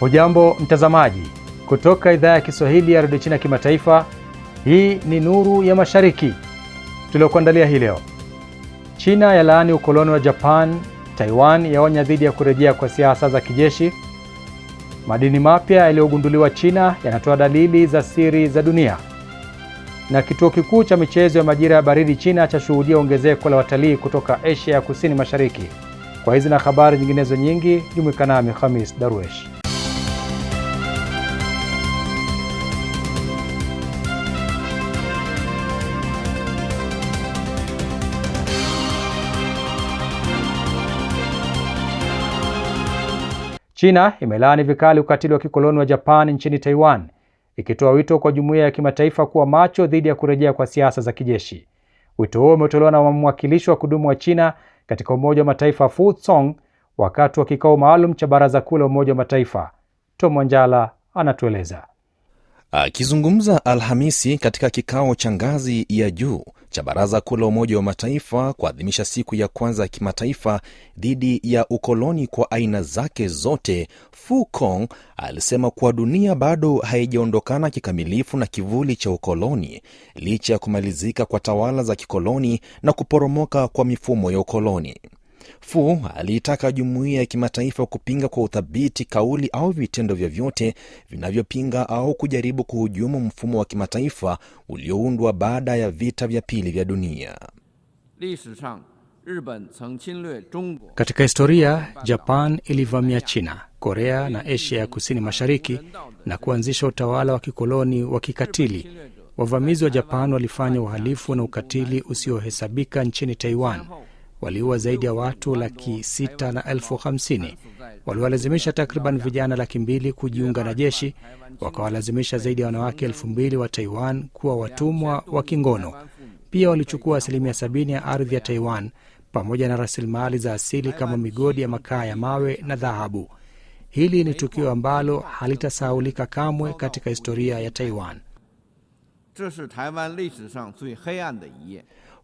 Hujambo mtazamaji kutoka idhaa ya Kiswahili ya redio China kimataifa. Hii ni Nuru ya Mashariki tuliokuandalia hii leo. China yalaani ukoloni wa Japan, Taiwan yaonya dhidi ya kurejea kwa siasa za kijeshi, madini mapya yaliyogunduliwa China yanatoa dalili za siri za dunia, na kituo kikuu cha michezo ya majira ya baridi China chashuhudia ongezeko la watalii kutoka Asia ya kusini mashariki. Kwa hizi na habari nyinginezo nyingi, jumuika nami Khamis Darwesh. China imelaani vikali ukatili wa kikoloni wa Japan nchini Taiwan, ikitoa wito kwa jumuiya ya kimataifa kuwa macho dhidi ya kurejea kwa siasa za kijeshi. Wito huo umetolewa na mwakilishi wa kudumu wa China katika Umoja wa Mataifa Fu Song wakati wa kikao maalum cha Baraza Kuu la Umoja wa Mataifa. Tom Wanjala anatueleza. Akizungumza Alhamisi katika kikao cha ngazi ya juu cha Baraza Kuu la Umoja wa Mataifa kuadhimisha siku ya kwanza ya kimataifa dhidi ya ukoloni kwa aina zake zote, Fu Kong alisema kuwa dunia bado haijaondokana kikamilifu na kivuli cha ukoloni licha ya kumalizika kwa tawala za kikoloni na kuporomoka kwa mifumo ya ukoloni. Fu aliitaka jumuiya ya kimataifa kupinga kwa uthabiti kauli au vitendo vyovyote vinavyopinga au kujaribu kuhujumu mfumo wa kimataifa ulioundwa baada ya vita vya pili vya dunia. Katika historia, Japan ilivamia China, Korea na Asia ya Kusini Mashariki na kuanzisha utawala wa kikoloni wa kikatili. Wavamizi wa Japan walifanya uhalifu na ukatili usiohesabika nchini Taiwan waliua zaidi ya watu laki 6 na elfu hamsini waliwalazimisha takriban vijana laki mbili kujiunga na jeshi, wakawalazimisha zaidi ya wanawake elfu mbili wa Taiwan kuwa watumwa wa kingono. Pia walichukua asilimia sabini ya ardhi ya Taiwan pamoja na rasilimali za asili kama migodi ya makaa ya mawe na dhahabu. Hili ni tukio ambalo halitasahaulika kamwe katika historia ya Taiwan.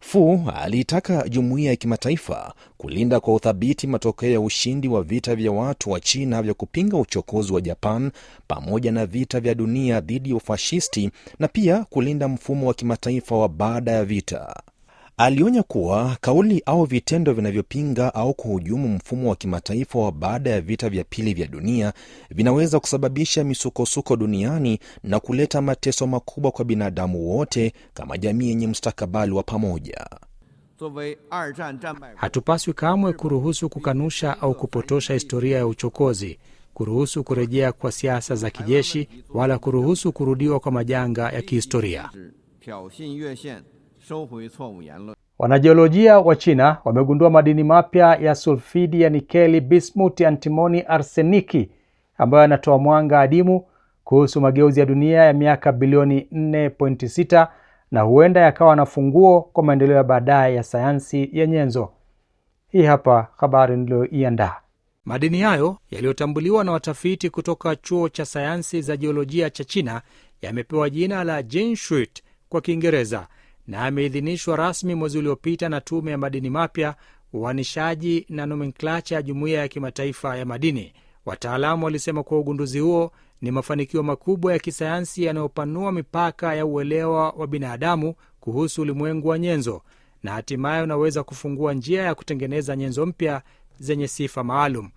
Fu aliitaka jumuiya ya kimataifa kulinda kwa uthabiti matokeo ya ushindi wa vita vya watu wa China vya kupinga uchokozi wa Japan pamoja na vita vya dunia dhidi ya ufashisti na pia kulinda mfumo wa kimataifa wa baada ya vita. Alionya kuwa kauli au vitendo vinavyopinga au kuhujumu mfumo wa kimataifa wa baada ya vita vya pili vya dunia vinaweza kusababisha misukosuko duniani na kuleta mateso makubwa kwa binadamu wote kama jamii yenye mstakabali wa pamoja. Hatupaswi kamwe kuruhusu kukanusha au kupotosha historia ya uchokozi, kuruhusu kurejea kwa siasa za kijeshi, wala kuruhusu kurudiwa kwa majanga ya kihistoria. Wanajiolojia wa China wamegundua madini mapya ya sulfidi ya nikeli, bismuti, antimoni, arseniki ambayo yanatoa mwanga adimu kuhusu mageuzi ya dunia ya miaka bilioni 4.6 na huenda yakawa na funguo kwa maendeleo ya baadaye ya sayansi ya nyenzo. Hii hapa habari niliyoiandaa. Madini hayo yaliyotambuliwa na watafiti kutoka chuo cha sayansi za jiolojia cha China yamepewa jina la Jinshuit kwa Kiingereza na ameidhinishwa rasmi mwezi uliopita na Tume ya Madini Mapya, Uanishaji na Nomenklacha ya Jumuiya ya Kimataifa ya Madini. Wataalamu walisema kuwa ugunduzi huo ni mafanikio makubwa ya kisayansi yanayopanua mipaka ya uelewa wa binadamu kuhusu ulimwengu wa nyenzo na hatimaye unaweza kufungua njia ya kutengeneza nyenzo mpya zenye sifa maalum.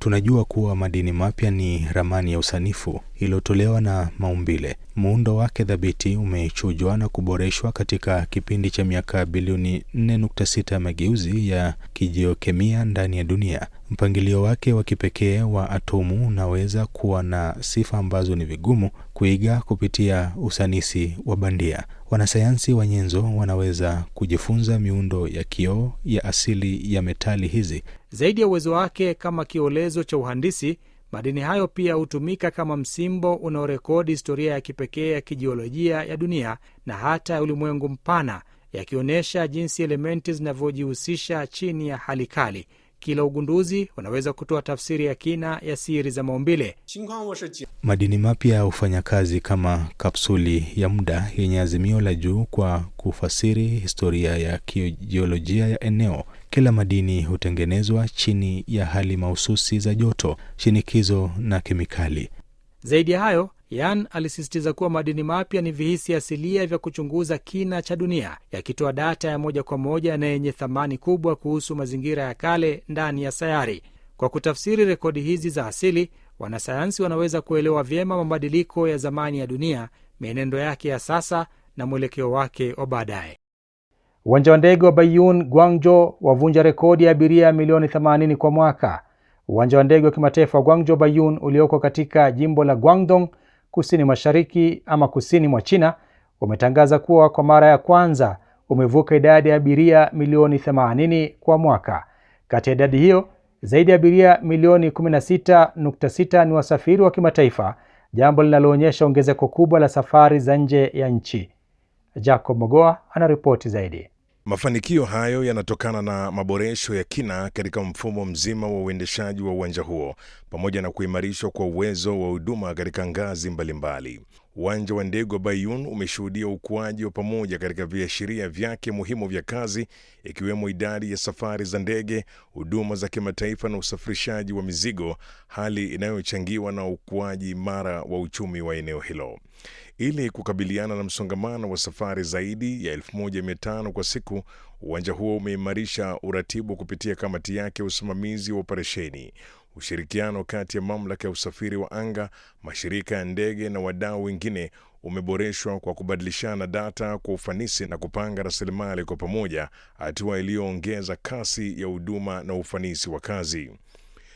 Tunajua kuwa madini mapya ni ramani ya usanifu iliyotolewa na maumbile. Muundo wake thabiti umechujwa na kuboreshwa katika kipindi cha miaka bilioni 4.6 ya mageuzi ya kijiokemia ndani ya dunia. Mpangilio wake wa kipekee wa atomu unaweza kuwa na sifa ambazo ni vigumu kuiga kupitia usanisi wa bandia. Wanasayansi wa nyenzo wanaweza kujifunza miundo ya kioo ya asili ya metali hizi zaidi ya uwezo wake kama kiolezo cha uhandisi, madini hayo pia hutumika kama msimbo unaorekodi historia ya kipekee ya kijiolojia ya dunia na hata ya ulimwengu mpana, yakionyesha jinsi elementi zinavyojihusisha chini ya hali kali. Kila ugunduzi unaweza kutoa tafsiri ya kina ya siri za maumbile. Madini mapya hufanya kazi kama kapsuli ya muda yenye azimio la juu kwa kufasiri historia ya kijiolojia ya eneo. Kila madini hutengenezwa chini ya hali mahususi za joto, shinikizo na kemikali. Zaidi ya hayo, Yan alisisitiza kuwa madini mapya ni vihisi asilia vya kuchunguza kina cha dunia, yakitoa data ya moja kwa moja na yenye thamani kubwa kuhusu mazingira ya kale ndani ya sayari. Kwa kutafsiri rekodi hizi za asili, wanasayansi wanaweza kuelewa vyema mabadiliko ya zamani ya dunia, mienendo yake ya sasa na mwelekeo wake wa baadaye. Uwanja wa ndege wa Baiyun Guangzhou wavunja rekodi ya abiria milioni 80 kwa mwaka. Uwanja wa ndege wa kimataifa wa Guangzhou Baiyun ulioko katika jimbo la Guangdong kusini mashariki ama kusini mwa China umetangaza kuwa kwa mara ya kwanza umevuka idadi ya abiria milioni 80 kwa mwaka. Kati ya idadi hiyo, zaidi ya abiria milioni 16.6 ni wasafiri wa kimataifa, jambo linaloonyesha ongezeko kubwa la safari za nje ya nchi. Jacob Mogoa anaripoti zaidi. Mafanikio hayo yanatokana na maboresho ya kina katika mfumo mzima wa uendeshaji wa uwanja huo pamoja na kuimarishwa kwa uwezo wa huduma katika ngazi mbalimbali. Uwanja wa ndege wa Bayun umeshuhudia ukuaji wa pamoja katika viashiria vyake muhimu vya kazi ikiwemo idadi ya safari za ndege, huduma za kimataifa na usafirishaji wa mizigo, hali inayochangiwa na ukuaji imara wa uchumi wa eneo hilo. Ili kukabiliana na msongamano wa safari zaidi ya 1500 kwa siku, uwanja huo umeimarisha uratibu kupitia kamati yake ya usimamizi wa operesheni. Ushirikiano kati ya mamlaka ya usafiri wa anga, mashirika ya ndege na wadau wengine umeboreshwa kwa kubadilishana data kwa ufanisi na kupanga rasilimali kwa pamoja, hatua iliyoongeza kasi ya huduma na ufanisi wa kazi.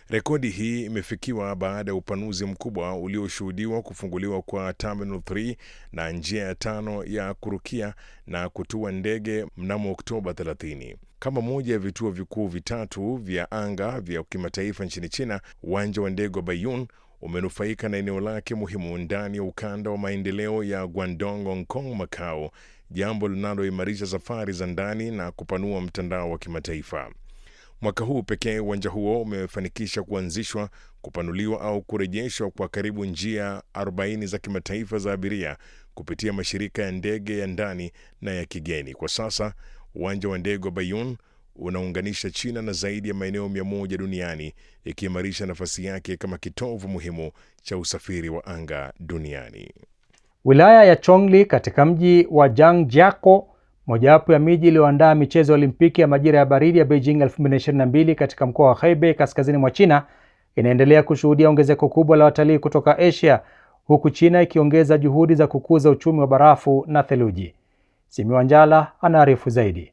Rekodi hii imefikiwa baada ya upanuzi mkubwa ulioshuhudiwa kufunguliwa kwa Terminal 3 na njia ya tano ya kurukia na kutua ndege mnamo Oktoba 30. Kama moja ya vituo vikuu vitatu vya anga vya kimataifa nchini China, uwanja wa ndege wa Baiyun umenufaika na eneo lake muhimu ndani ya ukanda wa maendeleo ya Guangdong, Hong Kong, Macau, jambo linaloimarisha safari za ndani na kupanua mtandao wa kimataifa. Mwaka huu pekee uwanja huo umefanikisha kuanzishwa, kupanuliwa au kurejeshwa kwa karibu njia 40 za kimataifa za abiria kupitia mashirika ya ndege ya ndani na ya kigeni. Kwa sasa uwanja wa ndege wa bayun unaunganisha China na zaidi ya maeneo 100 duniani, ikiimarisha nafasi yake kama kitovu muhimu cha usafiri wa anga duniani. Wilaya ya Chongli katika mji wa Zhangjiakou mojawapo ya miji iliyoandaa michezo ya Olimpiki ya majira ya baridi ya Beijing 2022 katika mkoa wa Hebei kaskazini mwa China inaendelea kushuhudia ongezeko kubwa la watalii kutoka Asia huku China ikiongeza juhudi za kukuza uchumi wa barafu na theluji. Simiwanjala anaarifu zaidi.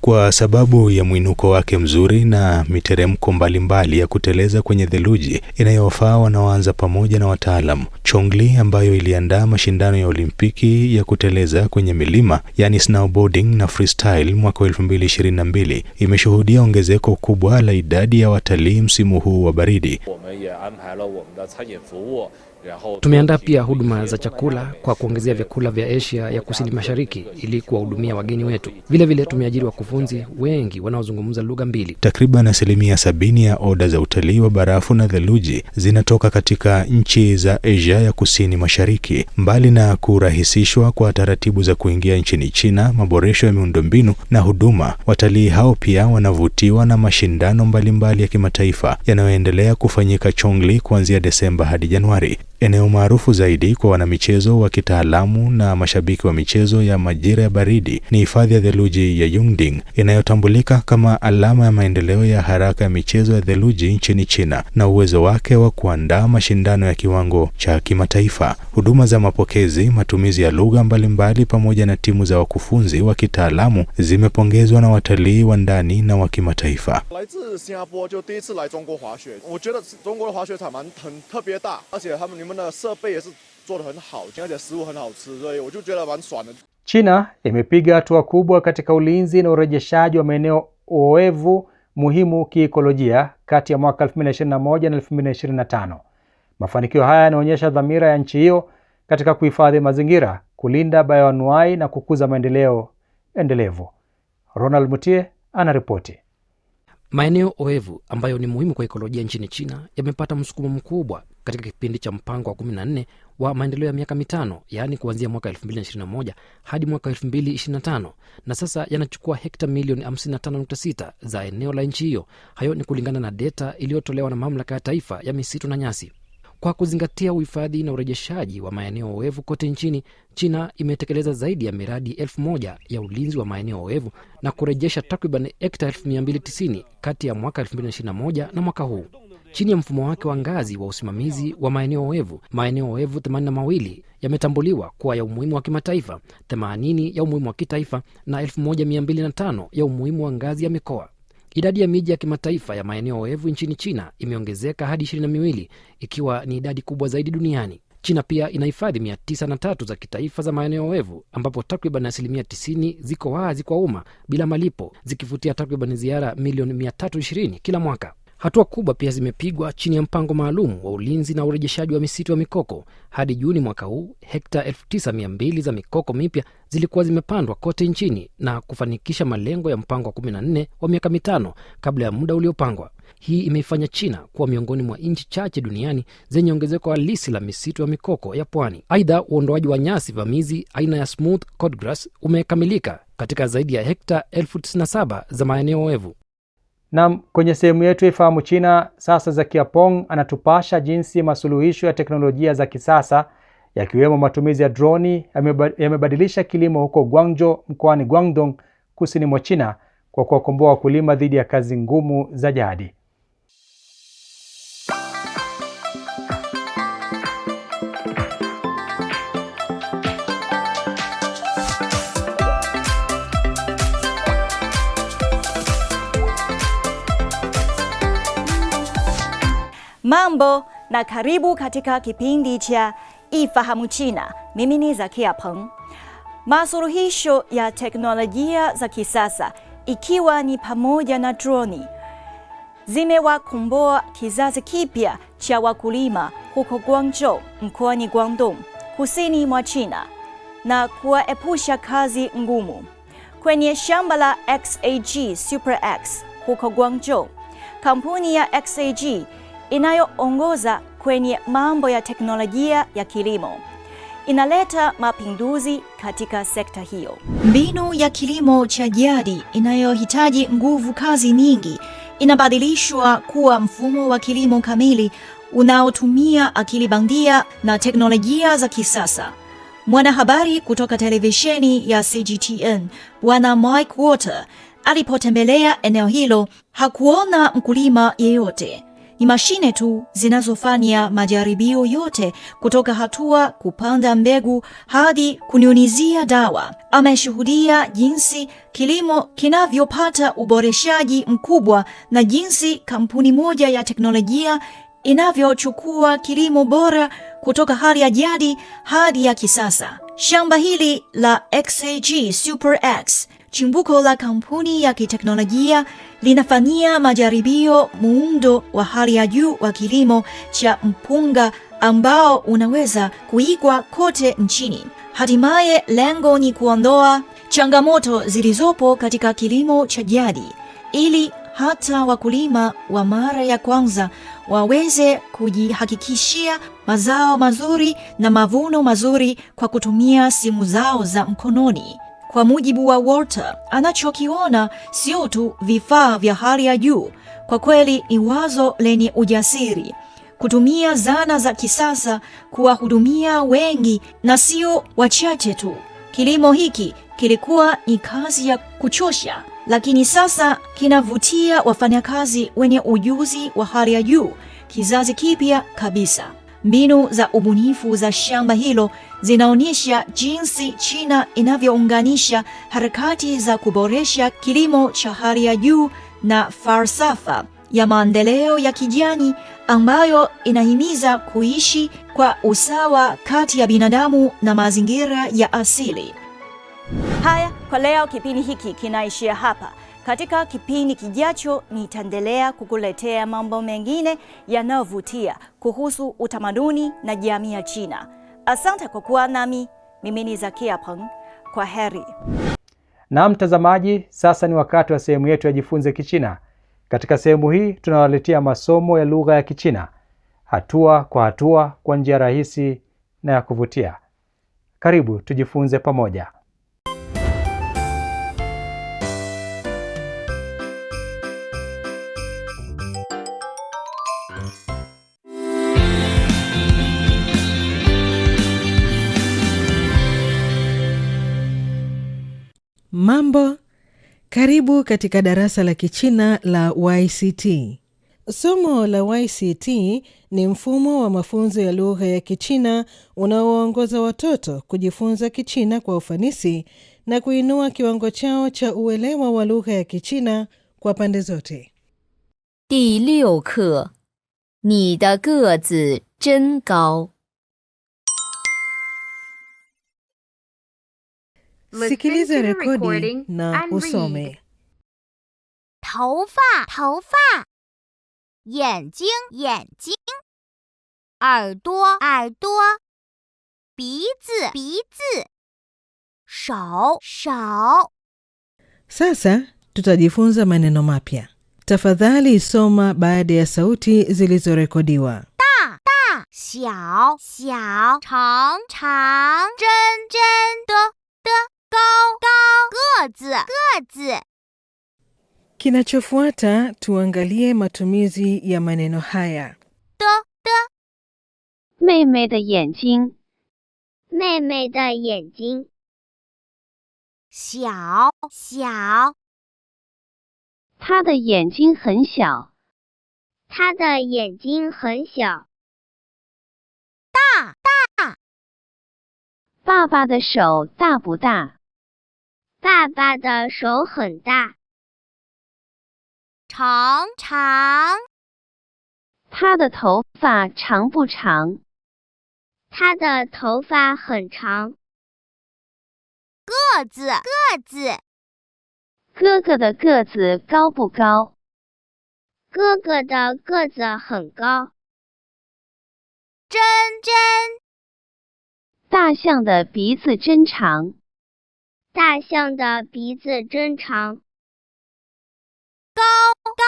Kwa sababu ya mwinuko wake mzuri na miteremko mbalimbali ya kuteleza kwenye theluji inayofaa wanaoanza pamoja na wataalam Chongli ambayo iliandaa mashindano ya Olimpiki ya kuteleza kwenye milima yani snowboarding na freestyle mwaka 2022 imeshuhudia ongezeko kubwa la idadi ya watalii msimu huu wa baridi. Tumeandaa pia huduma za chakula kwa kuongezea vyakula vya Asia ya kusini mashariki ili kuwahudumia wageni wetu. Vilevile tumeajiri wakufunzi wengi wanaozungumza lugha mbili. Takriban asilimia sabini ya oda za utalii wa barafu na theluji zinatoka katika nchi za Asia ya kusini mashariki. Mbali na kurahisishwa kwa taratibu za kuingia nchini China, maboresho ya miundombinu na huduma, watalii hao pia wanavutiwa na mashindano mbalimbali mbali ya kimataifa yanayoendelea kufanyika Chongli kuanzia Desemba hadi Januari eneo maarufu zaidi kwa wanamichezo wa kitaalamu na mashabiki wa michezo ya majira ya baridi ni hifadhi ya theluji ya Yungding inayotambulika kama alama ya maendeleo ya haraka ya michezo ya theluji nchini China na uwezo wake wa kuandaa mashindano ya kiwango cha kimataifa. Huduma za mapokezi, matumizi ya lugha mbalimbali, pamoja na timu za wakufunzi wa kitaalamu zimepongezwa na watalii wa ndani na wa kimataifa. 们的设备也是做的很好，而且食物很好吃，所以我就觉得蛮爽的。China imepiga hatua kubwa katika ulinzi na urejeshaji wa maeneo oevu muhimu kiikolojia kati ya mwaka 2021 na 2025. Mafanikio haya yanaonyesha dhamira ya nchi hiyo katika kuhifadhi mazingira, kulinda bayoanuai na kukuza maendeleo endelevu. Ronald Mutie anaripoti. Maeneo oevu ambayo ni muhimu kwa ekolojia nchini China yamepata msukumo mkubwa katika kipindi cha mpango wa 14 wa maendeleo ya miaka mitano, yaani kuanzia mwaka 221 hadi mwaka 225 na sasa yanachukua hekta milioni 55.6 za eneo la nchi hiyo. Hayo ni kulingana na deta iliyotolewa na mamlaka ya taifa ya misitu na nyasi. Kwa kuzingatia uhifadhi na urejeshaji wa maeneo oevu kote nchini, China imetekeleza zaidi ya miradi elfu ya ulinzi wa maeneo oevu na kurejesha takriban hekta 290 kati ya mwaka 221 na mwaka huu. Chini ya mfumo wake wa ngazi wa usimamizi wa maeneo oevu, maeneo oevu 82 yametambuliwa kuwa ya umuhimu wa kimataifa, 80 ya umuhimu wa kitaifa na 125 ya umuhimu wa ngazi ya mikoa. Idadi ya miji ya kimataifa ya maeneo oevu nchini China imeongezeka hadi ishirini na miwili ikiwa ni idadi kubwa zaidi duniani. China pia ina hifadhi mia tisa na tatu za kitaifa za maeneo oevu ambapo takriban asilimia tisini ziko wazi kwa umma bila malipo zikivutia takriban ziara milioni mia tatu ishirini kila mwaka. Hatua kubwa pia zimepigwa chini ya mpango maalum wa ulinzi na urejeshaji wa misitu ya mikoko. Hadi Juni mwaka huu, hekta 9200 za mikoko mipya zilikuwa zimepandwa kote nchini na kufanikisha malengo ya mpango wa 14 wa miaka mitano kabla ya muda uliopangwa. Hii imeifanya China kuwa miongoni mwa nchi chache duniani zenye ongezeko halisi la misitu ya mikoko ya pwani. Aidha, uondoaji wa nyasi vamizi aina ya smooth cordgrass umekamilika katika zaidi ya hekta 97 za maeneo oevu. Na kwenye sehemu yetu Ifahamu China sasa, Zakia Pong anatupasha jinsi masuluhisho ya teknolojia za kisasa yakiwemo matumizi ya droni yamebadilisha kilimo huko Guangzhou mkoani Guangdong kusini mwa China kwa kuwakomboa wakulima dhidi ya kazi ngumu za jadi. Mambo na karibu katika kipindi cha Ifahamu China. Mimi ni Zakia Peng. Masuluhisho ya teknolojia za kisasa ikiwa ni pamoja na droni zimewakomboa kizazi kipya cha wakulima huko Guangzhou mkoani Guangdong kusini mwa China na kuwaepusha kazi ngumu kwenye shamba la XAG Super X huko Guangzhou. Kampuni ya XAG inayoongoza kwenye mambo ya teknolojia ya kilimo inaleta mapinduzi katika sekta hiyo. Mbinu ya kilimo cha jadi inayohitaji nguvu kazi nyingi inabadilishwa kuwa mfumo wa kilimo kamili unaotumia akili bandia na teknolojia za kisasa. Mwanahabari kutoka televisheni ya CGTN Bwana Mike Water alipotembelea eneo hilo hakuona mkulima yeyote. Ni mashine tu zinazofanya majaribio yote kutoka hatua kupanda mbegu hadi kunyunizia dawa. Ameshuhudia jinsi kilimo kinavyopata uboreshaji mkubwa na jinsi kampuni moja ya teknolojia inavyochukua kilimo bora kutoka hali ya jadi hadi ya kisasa. Shamba hili la XAG Super X chimbuko la kampuni ya kiteknolojia linafanyia majaribio muundo wa hali ya juu wa kilimo cha mpunga ambao unaweza kuigwa kote nchini. Hatimaye lengo ni kuondoa changamoto zilizopo katika kilimo cha jadi ili hata wakulima wa mara ya kwanza waweze kujihakikishia mazao mazuri na mavuno mazuri kwa kutumia simu zao za mkononi. Kwa mujibu wa Walter, anachokiona sio tu vifaa vya hali ya juu, kwa kweli ni wazo lenye ujasiri, kutumia zana za kisasa kuwahudumia wengi na sio wachache tu. Kilimo hiki kilikuwa ni kazi ya kuchosha, lakini sasa kinavutia wafanyakazi wenye ujuzi wa hali ya juu, kizazi kipya kabisa. Mbinu za ubunifu za shamba hilo zinaonyesha jinsi China inavyounganisha harakati za kuboresha kilimo cha hali ya juu na falsafa ya maendeleo ya kijani ambayo inahimiza kuishi kwa usawa kati ya binadamu na mazingira ya asili. Haya, kwa leo kipindi hiki kinaishia hapa. Katika kipindi kijacho nitaendelea kukuletea mambo mengine yanayovutia kuhusu utamaduni na jamii ya China. Asante kwa kuwa nami. Mimi ni Zakia Peng, kwa heri. Na mtazamaji, sasa ni wakati wa sehemu yetu ya Jifunze Kichina. Katika sehemu hii tunawaletea masomo ya lugha ya Kichina hatua kwa hatua kwa njia rahisi na ya kuvutia. Karibu tujifunze pamoja. Mambo, karibu katika darasa la Kichina la YCT. Somo la YCT ni mfumo wa mafunzo ya lugha ya Kichina unaowaongoza watoto kujifunza Kichina kwa ufanisi na kuinua kiwango chao cha uelewa wa lugha ya Kichina kwa pande zote. 第六课，你的个子真高。sikilize rekodi na usome. sasa tutajifunza maneno mapya. Tafadhali soma baada ya sauti zilizorekodiwa. 小小长长真真的的高高个子，个子。Kina chofwata tu angali matumizi yamene no haya。的的，妹妹的眼睛，妹妹的眼睛，小小。他的眼睛很小，他的眼睛很小。大大。爸爸的手大不大？爸爸的手很大，长长。他的头发长不长？他的头发很长。个子个子，哥哥的个子高不高？哥哥的个子很高。真真，大象的鼻子真长。大象的鼻子真长，高高。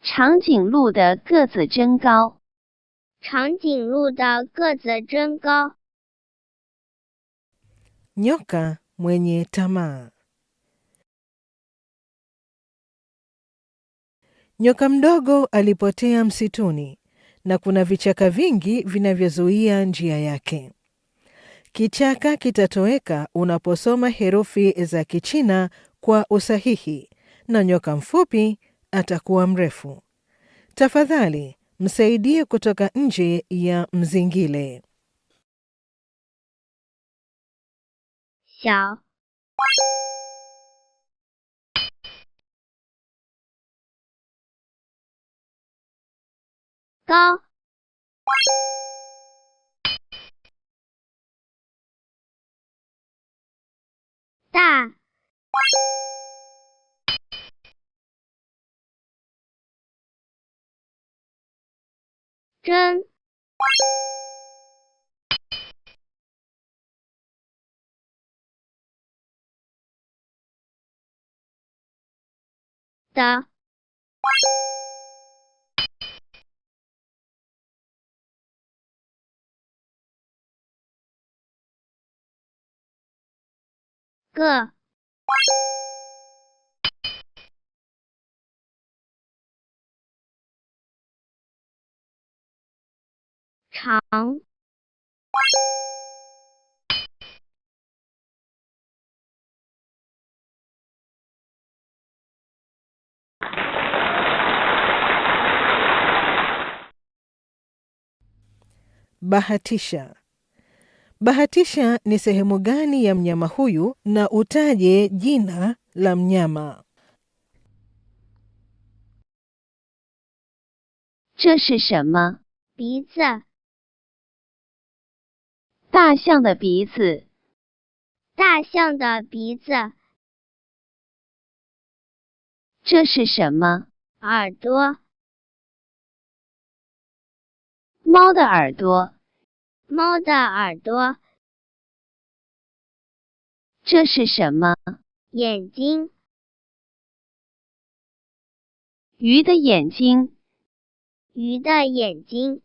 长颈鹿的个子真高，长颈鹿的个子真高。Nyoka mwenye tamaa. Nyoka mdogo alipotea msituni na kuna vichaka vingi vinavyozuia njia yake. Kichaka kitatoweka unaposoma herufi za Kichina kwa usahihi, na nyoka mfupi atakuwa mrefu. Tafadhali msaidie kutoka nje ya mzingile. Xiao. 大，真，的。个长巴哈提莎。这是什么？鼻子。大象的鼻子。大象的鼻子。这是什么？耳朵。猫的耳朵。猫的耳朵，这是什么？眼睛，鱼的眼睛，鱼的眼睛，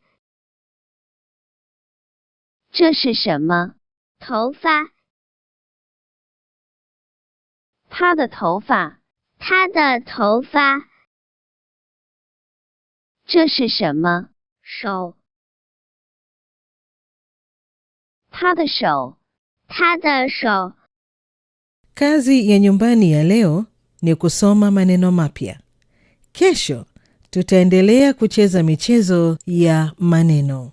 这是什么？头发，它的头发，它的头发，这是什么？手。他的手，他的手。Kazi ya nyumbani ya leo ni kusoma maneno mapya. Kesho tutaendelea kucheza michezo ya maneno.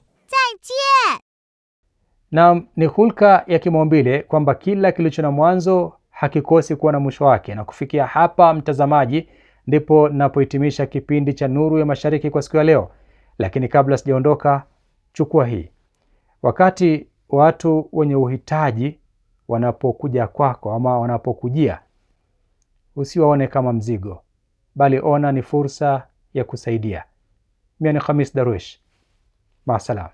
Naam, ni hulka ya kimaumbile kwamba kila kilicho na mwanzo hakikosi kuwa na mwisho wake. Na kufikia hapa, mtazamaji, ndipo napohitimisha kipindi cha Nuru ya Mashariki kwa siku ya leo. Lakini kabla sijaondoka, chukua hii wakati watu wenye uhitaji wanapokuja kwako ama wanapokujia, usiwaone kama mzigo, bali ona ni fursa ya kusaidia. Mimi ni Khamis Darwish, maasalam.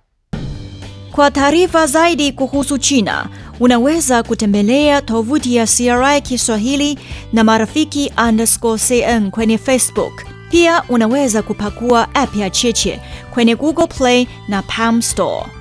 Kwa taarifa zaidi kuhusu China unaweza kutembelea tovuti ya CRI Kiswahili na marafiki underscore cn kwenye Facebook. Pia unaweza kupakua app ya Cheche kwenye Google Play na Palm Store.